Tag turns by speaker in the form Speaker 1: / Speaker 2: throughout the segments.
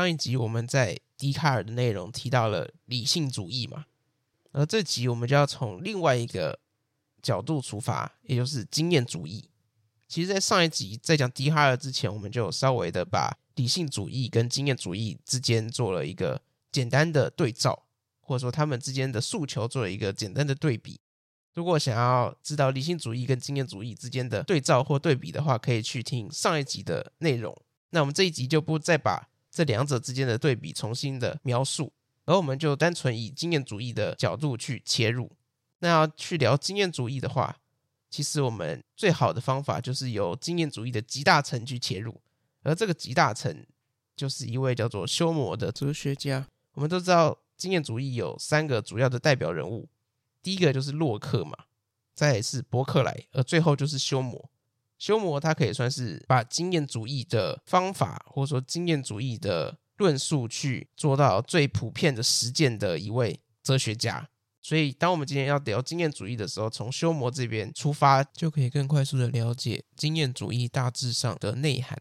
Speaker 1: 上一集，我們在笛卡爾的內容提到了理性主義嘛，而這集我們就要從另外一個角度出發，也就是經驗主義。其實，在上一集在講笛卡爾之前，我們就稍微的把理性主義跟經驗主義之間做了一個簡單的對照，或者說他們之間的訴求做了一個簡單的對比。如果想要知道理性主義跟經驗主義之間的對照或對比的話，可以去聽上一集的內容。那我們這一集就不再把這兩者之間的對比重新的描述，而我們就單純以經驗主義的角度去切入。那要去聊經驗主義的話，其實我們最好的方法就是由經驗主義的集大成去切入，而這個集大成就是一位叫做休謨的哲學家。 我們都知道，經驗主義有三個主要的代表人物，第一個就是洛克嘛，再也是伯克萊，而最後就是休謨。休謨他可以算是把經驗主義的方法，或者說經驗主義的論述，去做到最普遍的實踐的一位哲學家。所以，當我們今天要聊經驗主義的時候，從休謨這邊出發，就可以更快速的了解經驗主義大致上的內涵。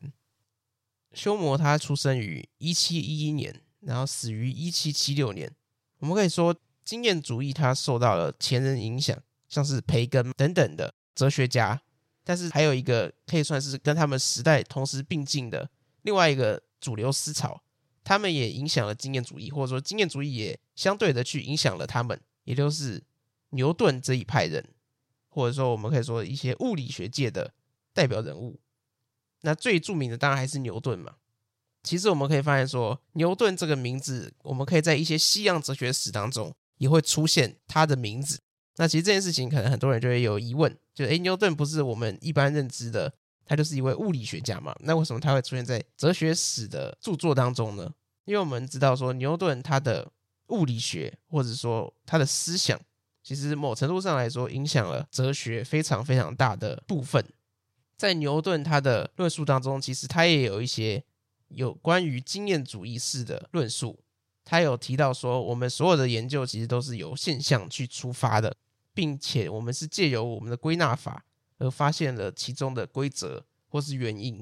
Speaker 1: 休謨他出生於一七一一年，然後死於一七七六年。我們可以說，經驗主義他受到了前人影響，像是培根等等的哲學家。但是還有一個可以算是跟他們時代同時並進的另外一個主流思潮，他們也影響了經驗主義，或者說經驗主義也相對的去影響了他們，也就是牛頓這一派人，或者說我們可以說一些物理學界的代表人物。那最著名的當然還是牛頓嘛。其實我們可以發現說，牛頓這個名字，我們可以在一些西洋哲學史當中也會出現他的名字。那其實這件事情可能很多人就會有疑問。就哎，牛頓不是我們一般認知的，他就是一位物理學家嘛。那為什麼他會出現在哲學史的著作當中呢？因為我們知道說，牛頓他的物理學或者說他的思想，其實某程度上來說，影響了哲學非常非常大的部分。在牛頓他的論述當中，其實他也有一些有關於經驗主義式的論述。他有提到說，我們所有的研究其實都是由現象去出發的。並且我們是借由我們的歸納法而發現了其中的規則或是原因，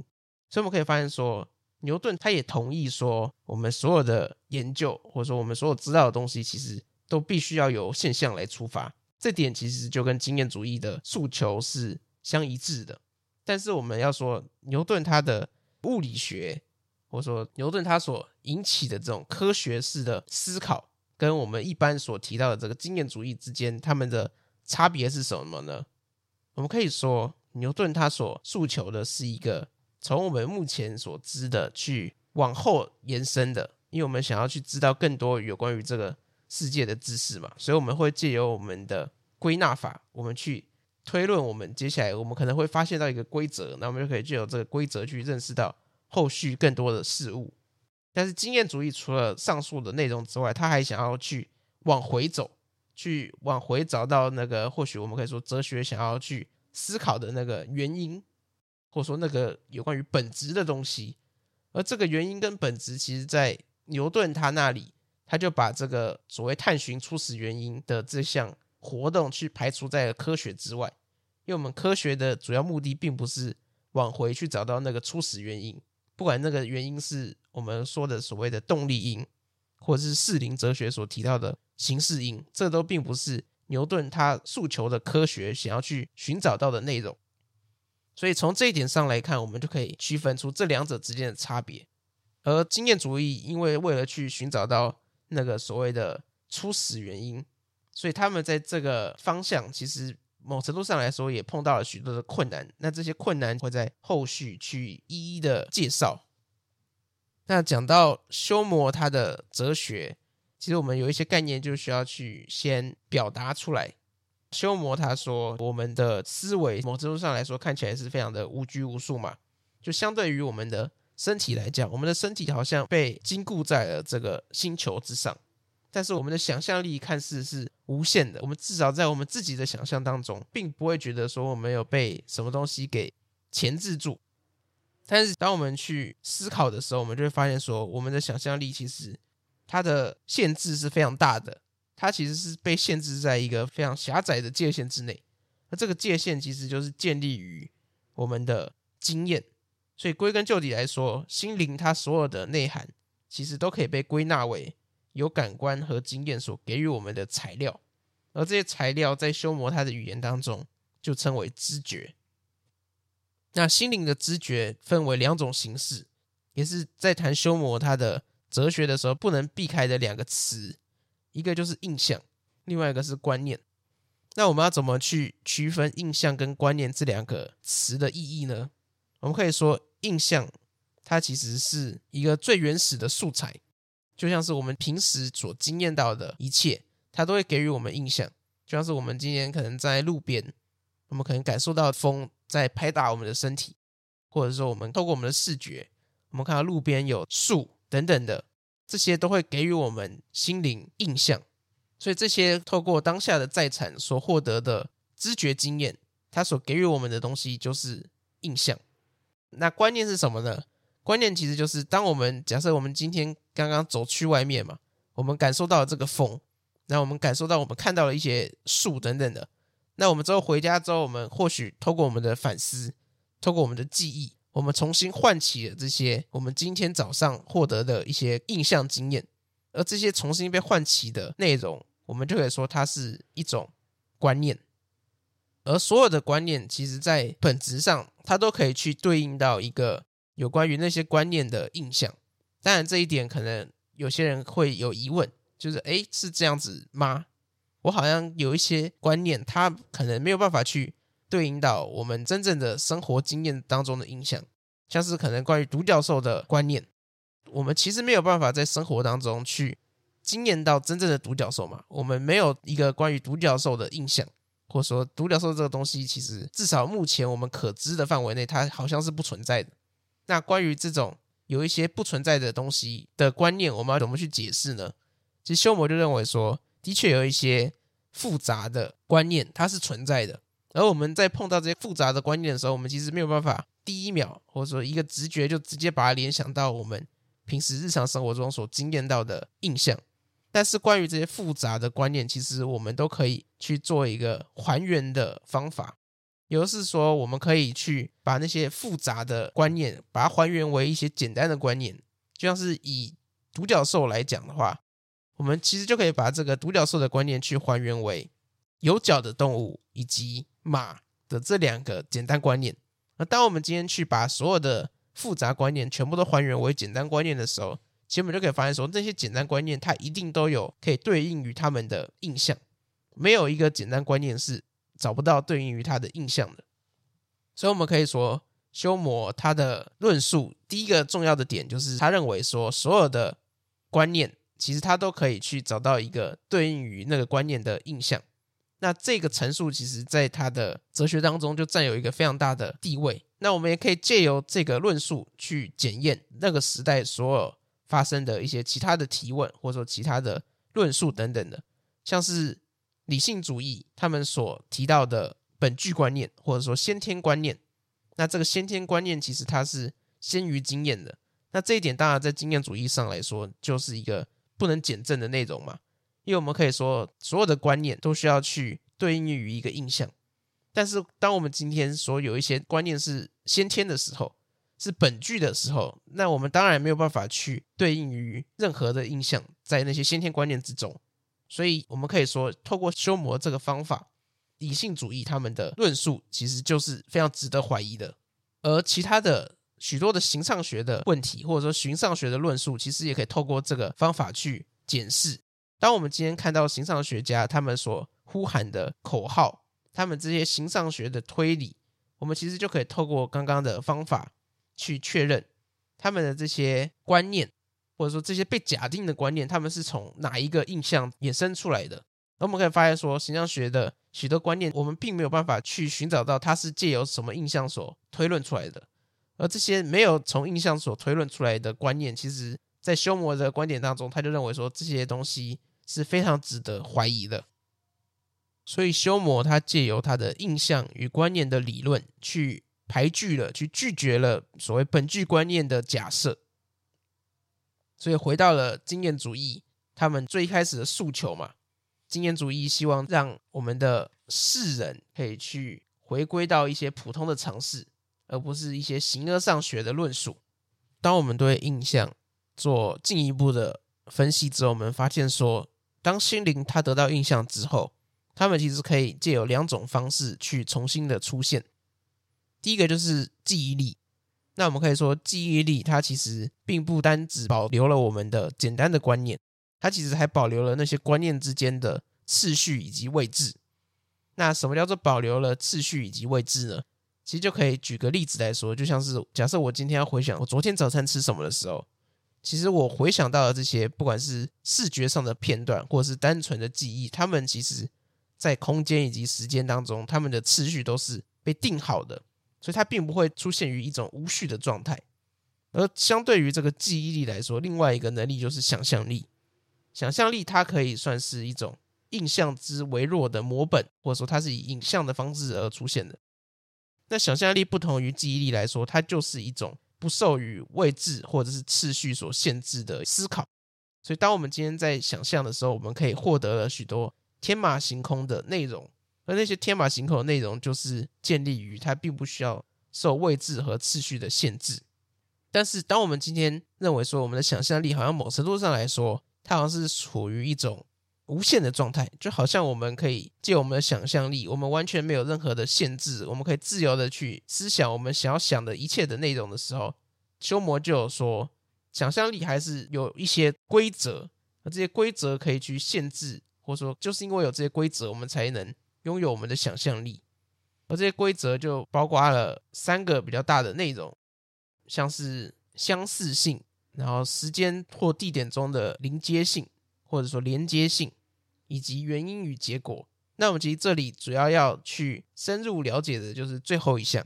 Speaker 1: 所以我們可以發現說，牛頓他也同意說，我們所有的研究或者說我們所有知道的東西，其實都必須要由現象來出發。這點其實就跟經驗主義的訴求是相一致的。但是我們要說，牛頓他的物理學，或者說牛頓他所引起的這種科學式的思考，跟我們一般所提到的這個經驗主義之間，他們的。差別是什麼呢？我們可以說，牛頓他所訴求的是一個從我們目前所知的去往後延伸的，因為我們想要去知道更多有關於這個世界的知識嘛，所以我們會借由我們的歸納法，我們去推論，我們接下來我們可能會發現到一個規則，那我們就可以借由這個規則去認識到後續更多的事物。但是經驗主義除了上述的內容之外，他還想要去往回走。去往回找到那個，或許我們可以說哲學想要去思考的那個原因，或說那個有關於本質的東西。而這個原因跟本質，其實在牛頓他那裡，他就把這個所謂探尋初始原因的這項活動去排除在了科學之外，因為我們科學的主要目的並不是往回去找到那個初始原因，不管那個原因是我們說的所謂的動力因，或者是士林哲學所提到的形式因，這都並不是牛頓他訴求的科學想要去尋找到的內容。所以從這一點上來看，我們就可以區分出這兩者之間的差別。而經驗主義因為為了去尋找到那個所謂的初始原因，所以他們在這個方向其實某程度上來說也碰到了許多的困難。那這些困難會在後續去一一的介紹。那講到休謨他的哲學，其實我們有一些概念就需要去先表達出來。休謨他說，我們的思維某程度上來說看起來是非常的無拘無束嘛，就相對於我們的身體來講，我們的身體好像被禁錮在了這個星球之上，但是我們的想象力看似是無限的，我們至少在我們自己的想象當中，並不會覺得說我們有被什麼東西給鉗制住。但是，當我們去思考的時候，我們就會發現說，說我們的想象力其實它的限制是非常大的，它其實是被限制在一個非常狹窄的界限之內。那這個界限其實就是建立於我們的經驗。所以歸根究底來說，心靈它所有的內涵，其實都可以被歸納為有感官和經驗所給予我們的材料。而這些材料在休謨他的語言當中，就稱為知覺。那心靈的知覺分為兩種形式，也是在談休謨他的哲學的時候不能避開的兩個詞，一個就是印象，另外一個是觀念。那我們要怎麼去區分印象跟觀念這兩個詞的意義呢？我們可以說，印象它其實是一個最原始的素材，就像是我們平時所經驗到的一切，它都會給予我們印象，就像是我們今天可能在路邊，我們可能感受到風。在拍打我們的身體，或者說我們透過我們的視覺，我們看到路邊有樹等等的，這些都會給予我們心靈印象。所以這些透過當下的在場所獲得的知覺經驗，它所給予我們的東西就是印象。那觀念是什麼呢？觀念其實就是當我們假設我們今天剛剛走去外面嘛，我們感受到了這個風，那我們感受到我們看到了一些樹等等的。那我們之後回家之後，我們或許透過我們的反思，透過我們的記憶，我們重新喚起了這些我們今天早上獲得的一些印象經驗，而這些重新被喚起的內容，我們就可以說它是一種觀念，而所有的觀念，其實在本質上，它都可以去對應到一個有關於那些觀念的印象。當然，這一點可能有些人會有疑問，就是，誒，是這樣子嗎？我好像有一些觀念，它可能沒有辦法去對應到我們真正的生活經驗當中的印象，像是可能關於獨角獸的觀念，我們其實沒有辦法在生活當中去經驗到真正的獨角獸嘛，我們沒有一個關於獨角獸的印象，或者說獨角獸這個東西，其實至少目前我們可知的範圍內，它好像是不存在的。那關於這種有一些不存在的東西的觀念，我們要怎麼去解釋呢？其實休謨就認為說，的確有一些複雜的觀念，它是存在的。而我們在碰到這些複雜的觀念的時候，我們其實沒有辦法第一秒或者說一個直覺就直接把它聯想到我們平時日常生活中所經驗到的印象。但是，關於這些複雜的觀念，其實我們都可以去做一個還原的方法，也就是說，我們可以去把那些複雜的觀念把它還原為一些簡單的觀念。就像是以獨角獸來講的話。我們其實就可以把這個獨角獸的觀念去還原為有角的動物、以及馬的這兩個簡單觀念。那當我們今天去把所有的複雜觀念全部都還原為簡單觀念的時候，其實我們就可以發現說，這些簡單觀念它一定都有可以對應於他們的印象，沒有一個簡單觀念是找不到對應於它的印象的。所以，我們可以說休謨他的論述第一個重要的點就是他認為說，所有的觀念。其實他都可以去找到一個對應於那個觀念的印象。那這個陳述其實在他的哲學當中就佔有一個非常大的地位。那我們也可以借由這個論述去檢驗那個時代所有發生的一些其他的提問，或者說其他的論述等等的，像是理性主義他們所提到的本具觀念，或者說先天觀念。那這個先天觀念其實它是先於經驗的。那這一點當然在經驗主義上來說就是一個。不能檢證的內容嘛，因為我們可以說，所有的觀念都需要去對應於一個印象。但是，當我們今天說有一些觀念是先天的時候，是本具的時候，那我們當然沒有辦法去對應於任何的印象在那些先天觀念之中。所以我們可以說，透過休謨這個方法，理性主義他們的論述其實就是非常值得懷疑的，而其他的。許多的形上學的問題，或者說形上學的論述，其實也可以透過這個方法去檢視。當我們今天看到形上學家他們所呼喊的口號，他們這些形上學的推理，我們其實就可以透過剛剛的方法去確認他們的這些觀念，或者說這些被假定的觀念，他們是從哪一個印象衍生出來的。那我們可以發現說，說形上學的許多觀念，我們並沒有辦法去尋找到它是借由什麼印象所推論出來的。而這些沒有從印象所推論出來的觀念，其實，在休謨的觀點當中，他就認為說這些東西是非常值得懷疑的。所以，休謨他借由他的印象與觀念的理論去排拒了，去拒絕了所謂本具觀念的假設。所以，回到了經驗主義，他們最開始的訴求嘛，經驗主義希望讓我們的世人可以去回歸到一些普通的常識。而不是一些形而上學的論述。當我們對印象做進一步的分析之後，我們發現說，當心靈它得到印象之後，它們其實可以借由兩種方式去重新的出現。第一個就是記憶力。那我們可以說，記憶力它其實並不單只保留了我們的簡單的觀念，它其實還保留了那些觀念之間的次序以及位置。那什麼叫做保留了次序以及位置呢？其實就可以舉個例子來說，就像是假設我今天要回想我昨天早餐吃什麼的時候，其實我回想到的這些，不管是視覺上的片段，或者是單純的記憶，它們其實，在空間以及時間當中，它們的次序都是被定好的，所以它並不會出現於一種無序的狀態。而相對於這個記憶力來說，另外一個能力就是想象力。想象力它可以算是一種印象之微弱的摹本，或者說它是以影像的方式而出現的。那想象力不同於記憶力來說，它就是一種不受於位置或者是次序所限制的思考。所以，當我們今天在想象的時候，我們可以獲得了許多天馬行空的內容，而那些天馬行空的內容就是建立於它並不需要受位置和次序的限制。但是，當我們今天認為說我們的想象力好像某程度上來說，它好像是處於一種，無限的狀態，就好像我們可以借我們的想象力，我們完全沒有任何的限制，我們可以自由的去思想我們想要想的一切的內容的時候，休謨就有說，想象力還是有一些規則，而這些規則可以去限制，或說就是因為有這些規則，我們才能擁有我們的想象力，而這些規則就包括了三個比較大的內容，像是相似性，然後時間或地點中的鄰接性。或者說連接性，以及原因與結果。那我們其實這裡主要要去深入了解的就是最後一項，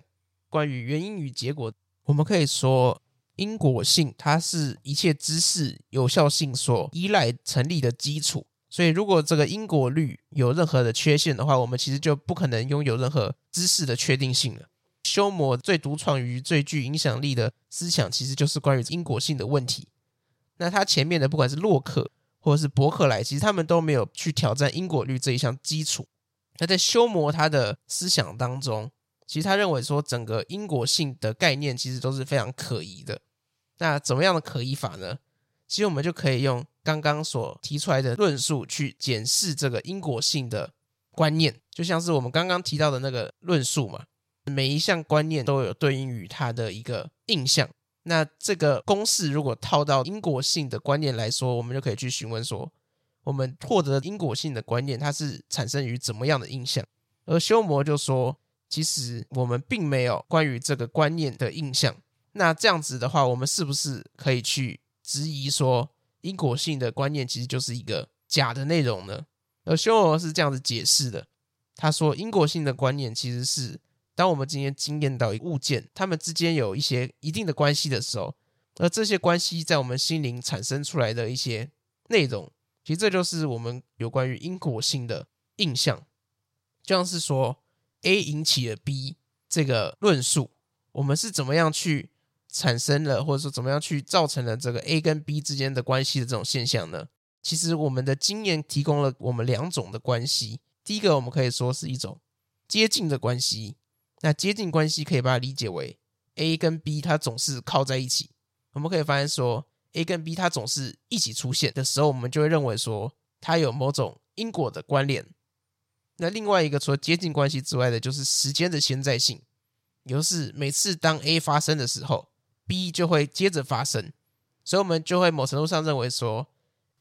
Speaker 1: 關於原因與結果。我們可以說因果性，它是一切知識有效性所依賴成立的基礎。所以，如果這個因果律有任何的缺陷的話，我們其實就不可能擁有任何知識的確定性了。休謨最獨創於最具影響力的思想，其實就是關於因果性的問題。那他前面的，不管是洛克。或者是伯克萊，其實他們都沒有去挑戰因果律這一項基礎。那在休謨他的思想當中，其實他認為說整個因果性的概念其實都是非常可疑的。那怎麼樣的可疑法呢？其實我們就可以用剛剛所提出來的論述去檢視這個因果性的觀念，就像是我們剛剛提到的那個論述嘛，每一項觀念都有對應於他的一個印象。那這個公式如果套到因果性的觀念來說，我們就可以去詢問說，我們獲得因果性的觀念，它是產生於怎麼樣的印象？而休謨就說，其實我們並沒有關於這個觀念的印象。那這樣子的話，我們是不是可以去質疑說，因果性的觀念其實就是一個假的內容呢？而休謨是這樣子解釋的，他說因果性的觀念其實是。當我們今天經驗到一個物件，它們之間有一些一定的關係的時候，而這些關係在我們心靈產生出來的一些內容，其實這就是我們有關於因果性的印象。就像是說 A 引起了 B 這個論述，我們是怎麼樣去產生了，或者說怎麼樣去造成了這個 A 跟 B 之間的關係的這種現象呢？其實我們的經驗提供了我們兩種的關係，第一個我們可以說是一種接近的關係。那接近關係可以把它理解為 A 跟 B 它總是靠在一起，我們可以發現說 A 跟 B 它總是一起出現的時候，我們就會認為說它有某種因果的關聯。那另外一個除了接近關係之外的，就是時間的先在性，也就是每次當 A 發生的時候，B 就會接着發生，所以我們就會某程度上認為說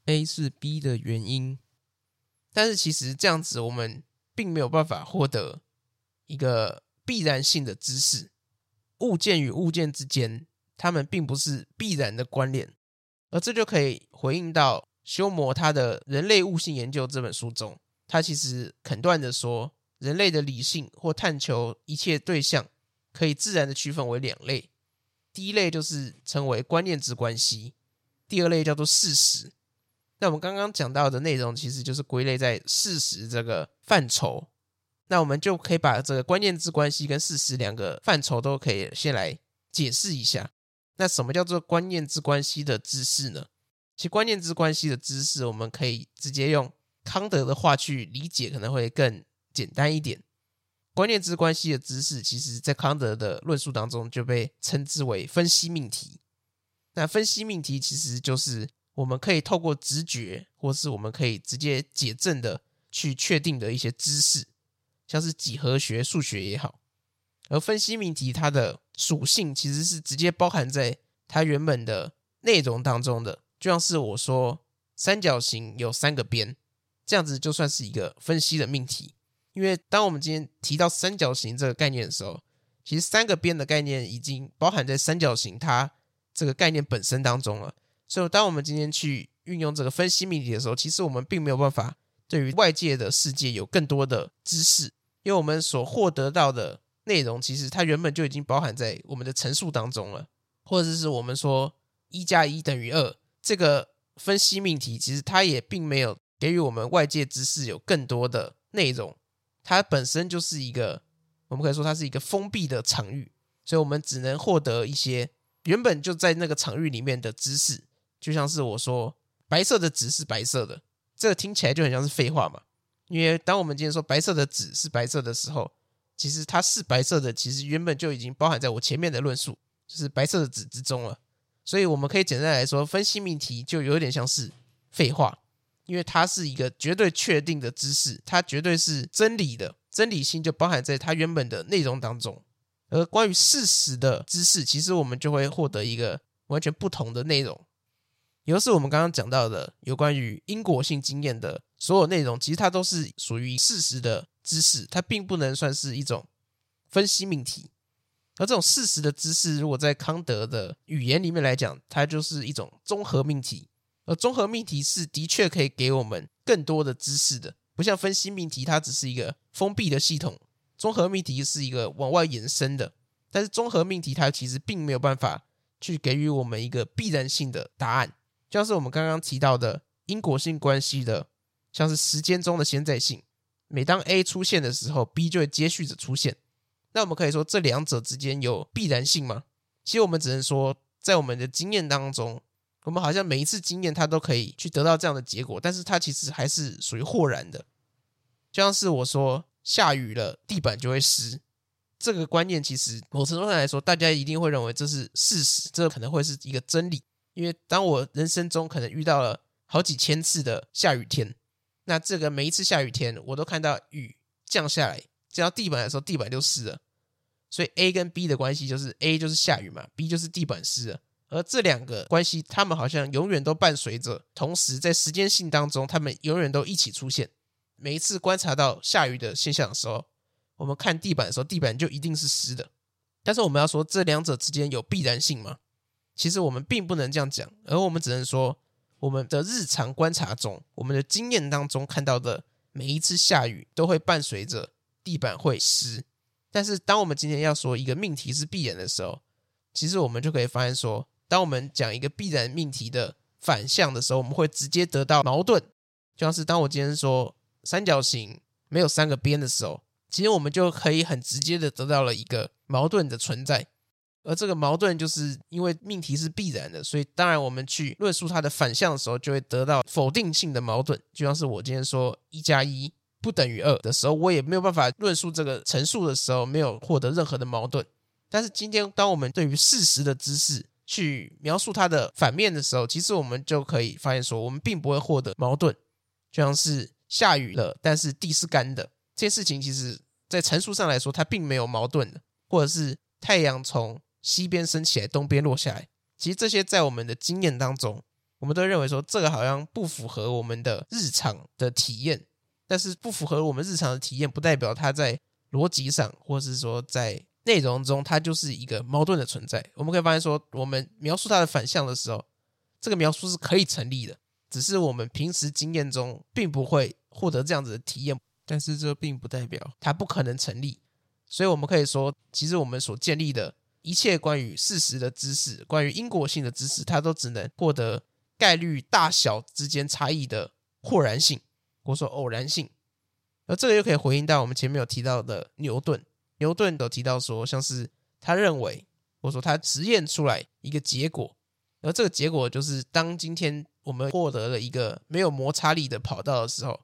Speaker 1: A 是 B 的原因，但是其實這樣子我們並沒有辦法獲得一個。必然性的知識，物件與物件之間，它們並不是必然的關聯，而這就可以回應到休謨他的人類悟性研究這本書中，他其實肯斷地說，人類的理性或探求一切對象，可以自然地區分為兩類，第一類就是稱為觀念之關係，第二類叫做事實。那我們剛剛講到的內容，其實就是歸類在事實這個範疇。那我們就可以把這個觀念之關係跟事實兩個範疇都可以先來解釋一下。那什麼叫做觀念之關係的知識呢？其實觀念之關係的知識，我們可以直接用康德的話去理解，可能會更簡單一點。觀念之關係的知識，其實在康德的論述當中就被稱之為分析命題。那分析命題其實就是我們可以透過直覺，或是我們可以直接解證的去確定的一些知識。像是幾何學、數學也好，而分析命題它的屬性其實是直接包含在它原本的內容當中的。就像是我說三角形有三個邊，這樣子就算是一個分析的命題。因為當我們今天提到三角形這個概念的時候，其實三個邊的概念已經包含在三角形它這個概念本身當中了。所以當我們今天去運用這個分析命題的時候，其實我們並沒有辦法對於外界的世界有更多的知識。因為我們所獲得到的內容，其實它原本就已經包含在我們的陳述當中了，或者是我們說“一加一等於二”這個分析命題，其實它也並沒有給予我們外界知識有更多的內容，它本身就是一個，我們可以說它是一個封閉的場域，所以我們只能獲得一些原本就在那個場域裡面的知識，就像是我說“白色的紙是白色的”，這個聽起來就很像是廢話嘛。因為當我們今天說白色的紙是白色的時候，其實它是白色的，其實原本就已經包含在我前面的論述，就是白色的紙之中了。所以我們可以簡單來說，分析命題就有點像是廢話，因為它是一個絕對確定的知識，它絕對是真理的，真理性就包含在它原本的內容當中。而關於事實的知識，其實我們就會獲得一個完全不同的內容，也就是我們剛剛講到的有關於因果性經驗的。所有內容其實它都是屬於事實的知識，它並不能算是一種分析命題。而這種事實的知識，如果在康德的語言裡面來講，它就是一種綜合命題。而綜合命題是的確可以給我們更多的知識的，不像分析命題，它只是一個封閉的系統。綜合命題是一個往外延伸的，但是綜合命題它其實並沒有辦法去給予我們一個必然性的答案，像是我們剛剛提到的因果性關係的。像是時間中的先在性，每當 A 出現的時候，B 就會接續着出現。那我們可以說這兩者之間有必然性嗎？其實我們只能說，在我們的經驗當中，我們好像每一次經驗它都可以去得到這樣的結果，但是它其實還是屬於或然的。就像是我說下雨了，地板就會濕，這個觀念其實某程度上來說，大家一定會認為這是事實，這可能會是一個真理，因為當我人生中可能遇到了好幾千次的下雨天。那這個每一次下雨天，我都看到雨降下來，降到地板的時候，地板就濕了。所以 A 跟 B 的關係就是 A 就是下雨嘛，B 就是地板濕了。而這兩個關係，他們好像永遠都伴隨着，同時在時間性當中，他們永遠都一起出現。每一次觀察到下雨的現象的時候，我們看地板的時候，地板就一定是濕的。但是我們要說這兩者之間有必然性嗎？其實我們並不能這樣講，而我們只能說。我們的日常觀察中，我們的經驗當中看到的，每一次下雨都會伴隨着地板會濕。但是，當我們今天要說一個命題是必然的時候，其實我們就可以發現說，當我們講一個必然命題的反向的時候，我們會直接得到矛盾。就像是當我今天說三角形沒有三個邊的時候，其實我們就可以很直接的得到了一個矛盾的存在。而這個矛盾就是因為命題是必然的，所以當然我們去論述它的反向的時候，就會得到否定性的矛盾。就像是我今天說一加一不等於二的時候，我也沒有辦法論述這個陳述的時候沒有獲得任何的矛盾。但是今天當我們對於事實的知識去描述它的反面的時候，其實我們就可以發現說，我們並不會獲得矛盾。就像是下雨了，但是地是乾的這件事情，其實在陳述上來說，它並沒有矛盾的，或者是太陽從。西邊升起來，東邊落下來。其實這些在我們的經驗當中，我們都認為說這個好像不符合我們的日常的體驗。但是不符合我們日常的體驗，不代表它在邏輯上，或是說在內容中，它就是一個矛盾的存在。我們可以發現說，我們描述它的反向的時候，這個描述是可以成立的。只是我們平時經驗中，並不會獲得這樣子的體驗。但是這並不代表它不可能成立。所以我們可以說，其實我們所建立的。一切關於事實的知識，關於因果性的知識，它都只能獲得概率大小之間差異的或然性，或說偶然性。而這個又可以回應到我們前面有提到的牛頓，牛頓都提到說，像是他認為，或者說他實驗出來一個結果，而這個結果就是當今天我們獲得了一個沒有摩擦力的跑道的時候，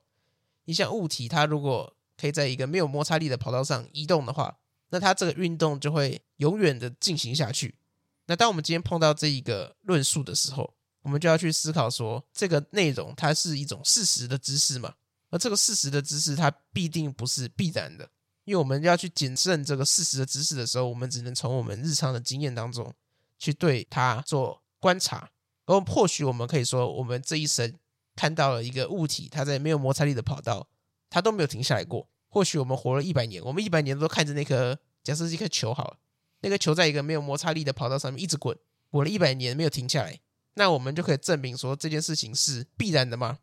Speaker 1: 你像物體它如果可以在一個沒有摩擦力的跑道上移動的話，那它這個運動就會。永遠的進行下去。那當我們今天碰到這一個論述的時候，我們就要去思考說，這個內容它是一種事實的知識嘛？而這個事實的知識，它必定不是必然的。因為我們要去檢證這個事實的知識的時候，我們只能從我們日常的經驗當中去對它做觀察。而或許我們可以說，我們這一生看到了一個物體，它在沒有摩擦力的跑道，它都沒有停下來過。或許我們活了一百年，我們一百年都看着那顆，假設是一顆球，好了。那個球在一個沒有摩擦力的跑道上面一直滾，滾了一百年沒有停下來，那我們就可以證明說這件事情是必然的嗎？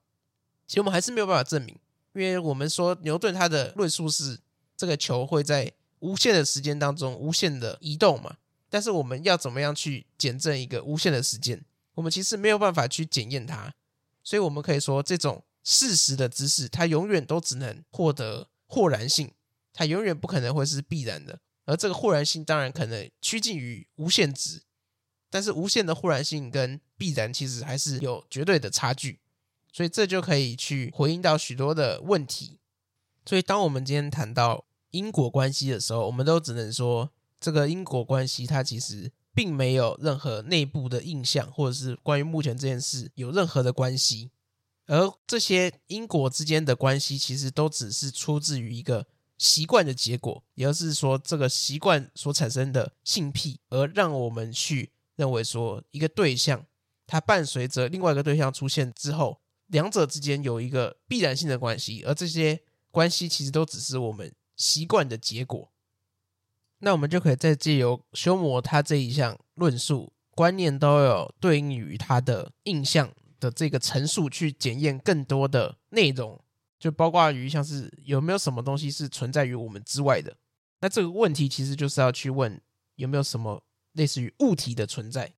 Speaker 1: 其實我們還是沒有辦法證明，因為我們說牛頓他的論述是這個球會在無限的時間當中無限的移動嘛，但是我們要怎麼樣去檢證一個無限的時間？我們其實沒有辦法去檢驗它，所以我們可以說這種事實的知識，它永遠都只能獲得或然性，它永遠不可能會是必然的。而這個或然性當然可能趨近於無限值，但是無限的或然性跟必然其實還是有絕對的差距，所以這就可以去回應到許多的問題。所以當我們今天談到因果關係的時候，我們都只能說這個因果關係它其實並沒有任何內部的印象，或者是關於目前這件事有任何的關係，而這些因果之間的關係其實都只是出自於一個。習慣的結果，也就是說，這個習慣所產生的性癖，而讓我們去認為說，一個對象它伴隨着另外一個對象出現之後，兩者之間有一個必然性的關係，而這些關係其實都只是我們習慣的結果。那我們就可以再借由休謨他這一項論述，觀念，都有對應於他的印象的這個陳述去檢驗更多的內容。就包括於像是有沒有什麼東西是存在於我們之外的，那這個問題其實就是要去問有沒有什麼類似於物體的存在，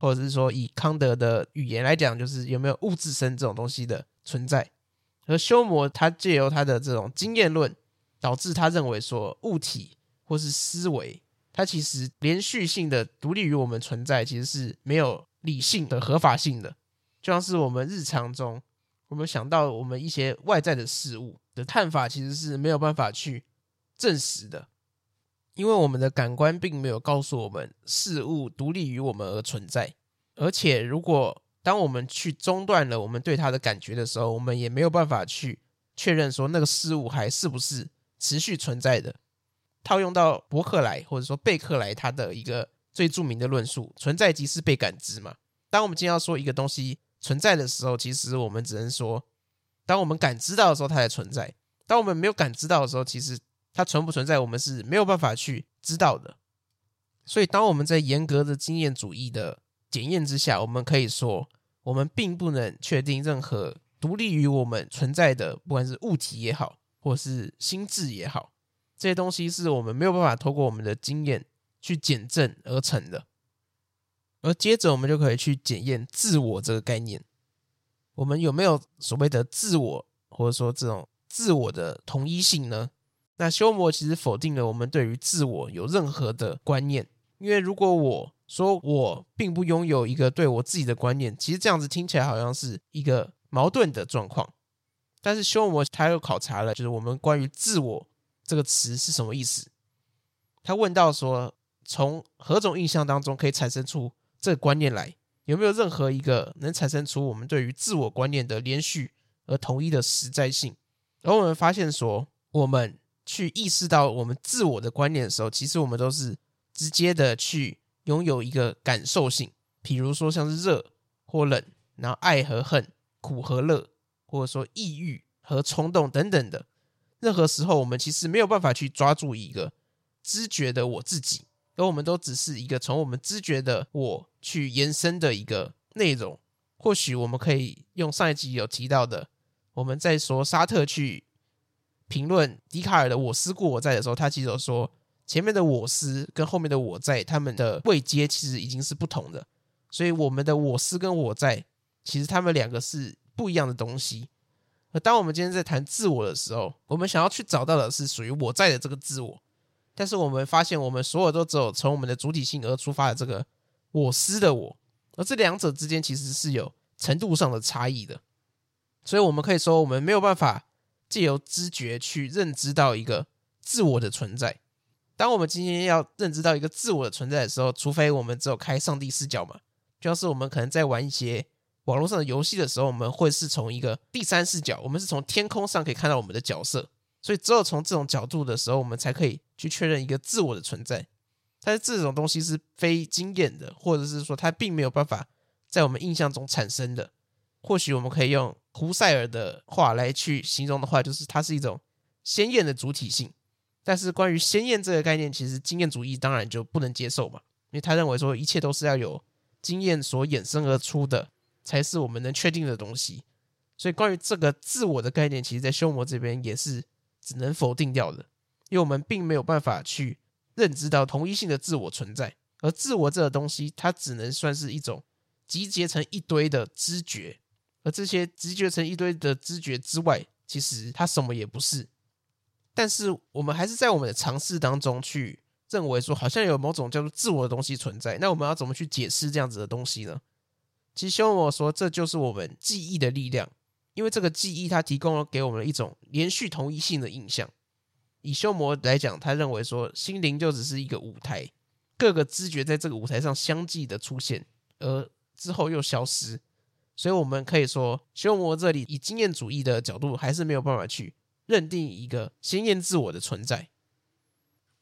Speaker 1: 或者是說以康德的語言來講，就是有沒有物自身這種東西的存在。而休謨他借由他的這種經驗論，導致他認為說物體或是思維，它其實連續性的獨立於我們存在，其實是沒有理性的合法性的，就像是我們日常中。我們想到，我們一些外在的事物的看法，其實是沒有辦法去證實的，因為我們的感官並沒有告訴我們事物獨立於我們而存在。而且，如果當我們去中斷了我們對它的感覺的時候，我們也沒有辦法去確認說那個事物還是不是持續存在的。套用到伯克萊或者說貝克萊他的一個最著名的論述：“存在即是被感知”嘛。當我們今天要說一個東西。存在的時候，其實我們只能說，當我們感知到的時候，它才存在；當我們沒有感知到的時候，其實它存不存在，我們是沒有辦法去知道的。所以，當我們在嚴格的經驗主義的檢驗之下，我們可以說，我們並不能確定任何獨立於我們存在的，不管是物體也好，或是心智也好，這些東西是我們沒有辦法透過我們的經驗去檢證而成的。而接着，我們就可以去檢驗“自我”這個概念，我們有沒有所謂的自我，或者說這種自我的同一性呢？那休謨其實否定了我們對於自我有任何的觀念，因為如果我說我並不擁有一個對我自己的觀念，其實這樣子聽起來好像是一個矛盾的狀況。但是休謨他又考察了，就是我們關於“自我”這個詞是什麼意思，他問到說：從何種印象當中可以產生出？這個觀念來，有沒有任何一個能產生出我們對於自我觀念的連續而統一的實在性？而我們發現說，我們去意識到我們自我的觀念的時候，其實我們都是直接的去擁有一個感受性，比如說像是熱或冷，然後愛和恨、苦和樂，或者說抑鬱和衝動等等的。任何時候，我們其實沒有辦法去抓住一個知覺的我自己。而我們都只是一個從我們知覺的我去延伸的一個內容，或許我們可以用上一集有提到的，我們在說沙特去評論笛卡爾的“我思故我在”的時候，他其實有說前面的“我思”跟後面的“我在”他們的位階其實已經是不同的，所以我們的“我思”跟“我在”其實他們兩個是不一樣的東西。而當我們今天在談自我的時候，我們想要去找到的是屬於“我在”的這個自我。但是我們發現，我們所有都只有從我們的主體性而出發的這個我思的我，而這兩者之間其實是有程度上的差異的。所以，我們可以說，我們沒有辦法借由知覺去認知到一個自我的存在。當我們今天要認知到一個自我的存在的時候，除非我們只有開上帝視角嘛，就像是我們可能在玩一些網絡上的遊戲的時候，我們會是從一個第三視角，我們是從天空上可以看到我們的角色。所以只有從這種角度的時候，我們才可以去確認一個自我的存在。但是這種東西是非經驗的，或者是說它並沒有辦法在我們印象中產生的。或許我們可以用胡塞爾的話來去形容的話，就是它是一種先驗的主體性。但是關於先驗這個概念，其實經驗主義當然就不能接受嘛，因為他認為說一切都是要有經驗所衍生而出的，才是我們能確定的東西。所以關於這個自我的概念，其實，在休謨這邊也是，只能否定掉的，因為我們並沒有辦法去認知到同一性的自我存在，而自我這個東西，它只能算是一種集結成一堆的知覺，而這些集結成一堆的知覺之外，其實它什麼也不是。但是我們還是在我們的嘗試當中去認為說，好像有某種叫做自我的東西存在。那我們要怎麼去解釋這樣子的東西呢？其實，休謨說，這就是我們記憶的力量。因為這個記憶，它提供了給我們一種連續同一性的印象。以休謨來講，他認為說心靈就只是一個舞台，各個知覺在這個舞台上相繼的出現，而之後又消失。所以我們可以說，休謨這裡以經驗主義的角度，還是沒有辦法去認定一個先驗自我的存在。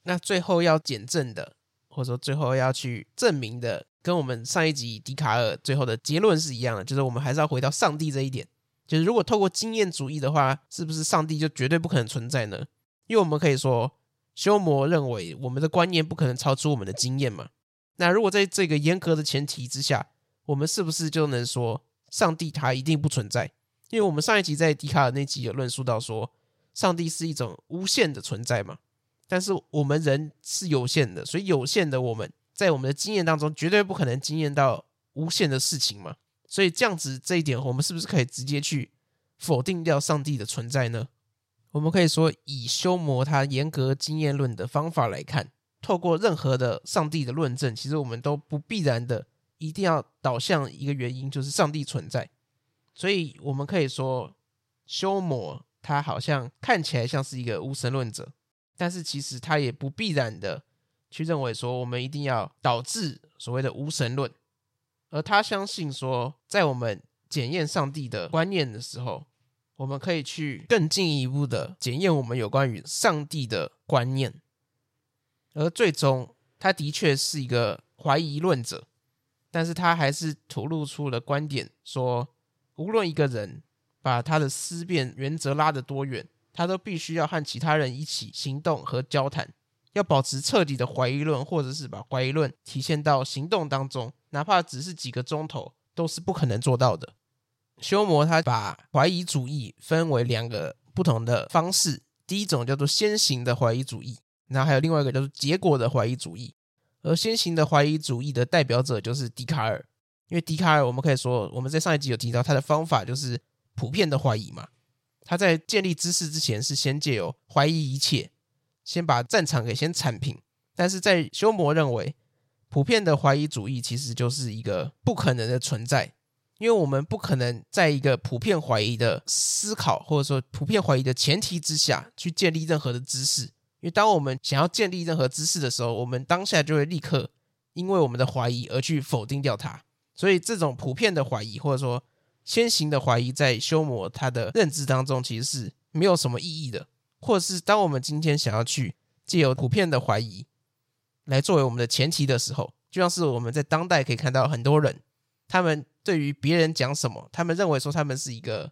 Speaker 1: 那最後要檢證的，或者說最後要去證明的，跟我們上一集笛卡爾最後的結論是一樣的，就是我們還是要回到上帝這一點。就是如果透過經驗主義的話，是不是上帝就絕對不可能存在呢？因為我們可以說，休謨認為我們的觀念不可能超出我們的經驗嘛。那如果在這個嚴格的前提之下，我們是不是就能說上帝它一定不存在？因為我們上一集在笛卡爾那集有論述到說，上帝是一種無限的存在嘛。但是我們人是有限的，所以有限的我們在我們的經驗當中絕對不可能經驗到無限的事情嘛。所以這樣子這一點，我們是不是可以直接去否定掉上帝的存在呢？我們可以說，以休謨他嚴格經驗論的方法來看，透過任何的上帝的論證，其實我們都不必然的一定要導向一個原因，就是上帝存在。所以，我們可以說，休謨他好像看起來像是一個無神論者，但是其實他也不必然的去認為說，我們一定要導致所謂的無神論。而他相信說，在我們檢驗上帝的觀念的時候，我們可以去更進一步的檢驗我們有關於上帝的觀念。而最終，他的確是一個懷疑論者，但是他還是吐露出了觀點說，無論一個人把他的思辨原則拉得多遠，他都必須要和其他人一起行動和交談，要保持徹底的懷疑論，或者是把懷疑論體現到行動當中。哪怕只是幾個鐘頭，都是不可能做到的。休謨他把懷疑主義分為兩個不同的方式，第一種叫做先行的懷疑主義，然後還有另外一個叫做結果的懷疑主義。而先行的懷疑主義的代表者就是笛卡爾，因為笛卡爾，我們可以說我們在上一集有提到他的方法就是普遍的懷疑嘛，他在建立知識之前是先借由懷疑一切，先把戰場給先鏟平。但是在休謨認為，普遍的懷疑主義其實就是一個不可能的存在，因為我們不可能在一個普遍懷疑的思考，或者說普遍懷疑的前提之下去建立任何的知識。因為當我們想要建立任何知識的時候，我們當下就會立刻因為我們的懷疑而去否定掉它。所以，這種普遍的懷疑，或者說先行的懷疑，在休謨它的認知當中，其實是沒有什麼意義的。或者是當我們今天想要去借由普遍的懷疑。來作為我們的前提的時候，就像是我們在當代可以看到很多人，他們對於別人講什麼，他們認為說他們是一個，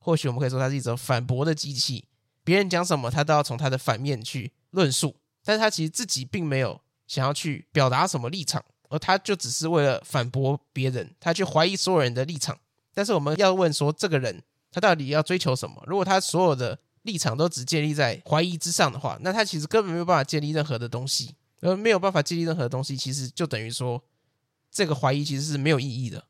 Speaker 1: 或許我們可以說他是一種反駁的機器，別人講什麼他都要從他的反面去論述，但是他其實自己並沒有想要去表達什麼立場，而他就只是為了反駁別人，他去懷疑所有人的立場。但是我們要問說這個人，他到底要追求什麼？如果他所有的立場都只建立在懷疑之上的話，那他其實根本沒有辦法建立任何的東西。而沒有辦法建立任何東西，其實就等於說，這個懷疑其實是沒有意義的。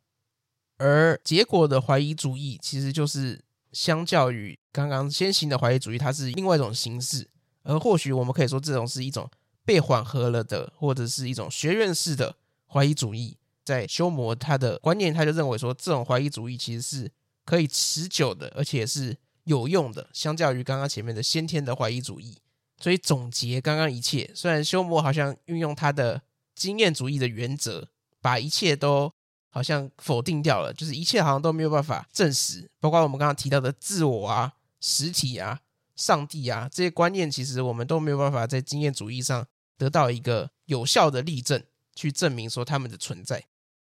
Speaker 1: 而結果的懷疑主義，其實就是相較於剛剛先行的懷疑主義，它是另外一種形式。而或許我們可以說，這種是一種被緩和了的，或者是一種學院式的懷疑主義，在休謨他的觀念，他就認為說，這種懷疑主義其實是可以持久的，而且是有用的，相較於剛剛前面的先天的懷疑主義。所以總結剛剛一切，雖然休謨好像運用他的經驗主義的原則，把一切都好像否定掉了，就是一切好像都沒有辦法證實，包括我們剛剛提到的自我啊、實體啊、上帝啊這些觀念，其實我們都沒有辦法在經驗主義上得到一個有效的例證去證明說他們的存在。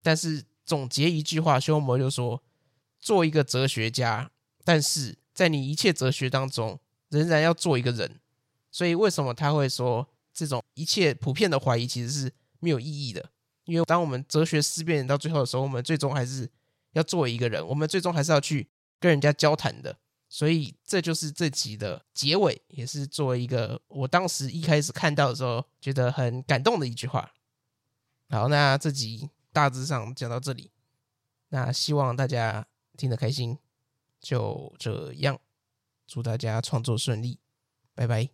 Speaker 1: 但是總結一句話，休謨就說：做一個哲學家，但是在你一切哲學當中，仍然要做一個人。所以為什麼他會說這種一切普遍的懷疑其實是沒有意義的？因為當我們哲學思辨到最後的時候，我們最終還是要做一個人，我們最終還是要去跟人家交談的。所以這就是這集的結尾，也是作為一個我當時一開始看到的時候覺得很感動的一句話。好，那這集大致上講到這裡，那希望大家聽得開心。就這樣，祝大家創作順利，拜拜。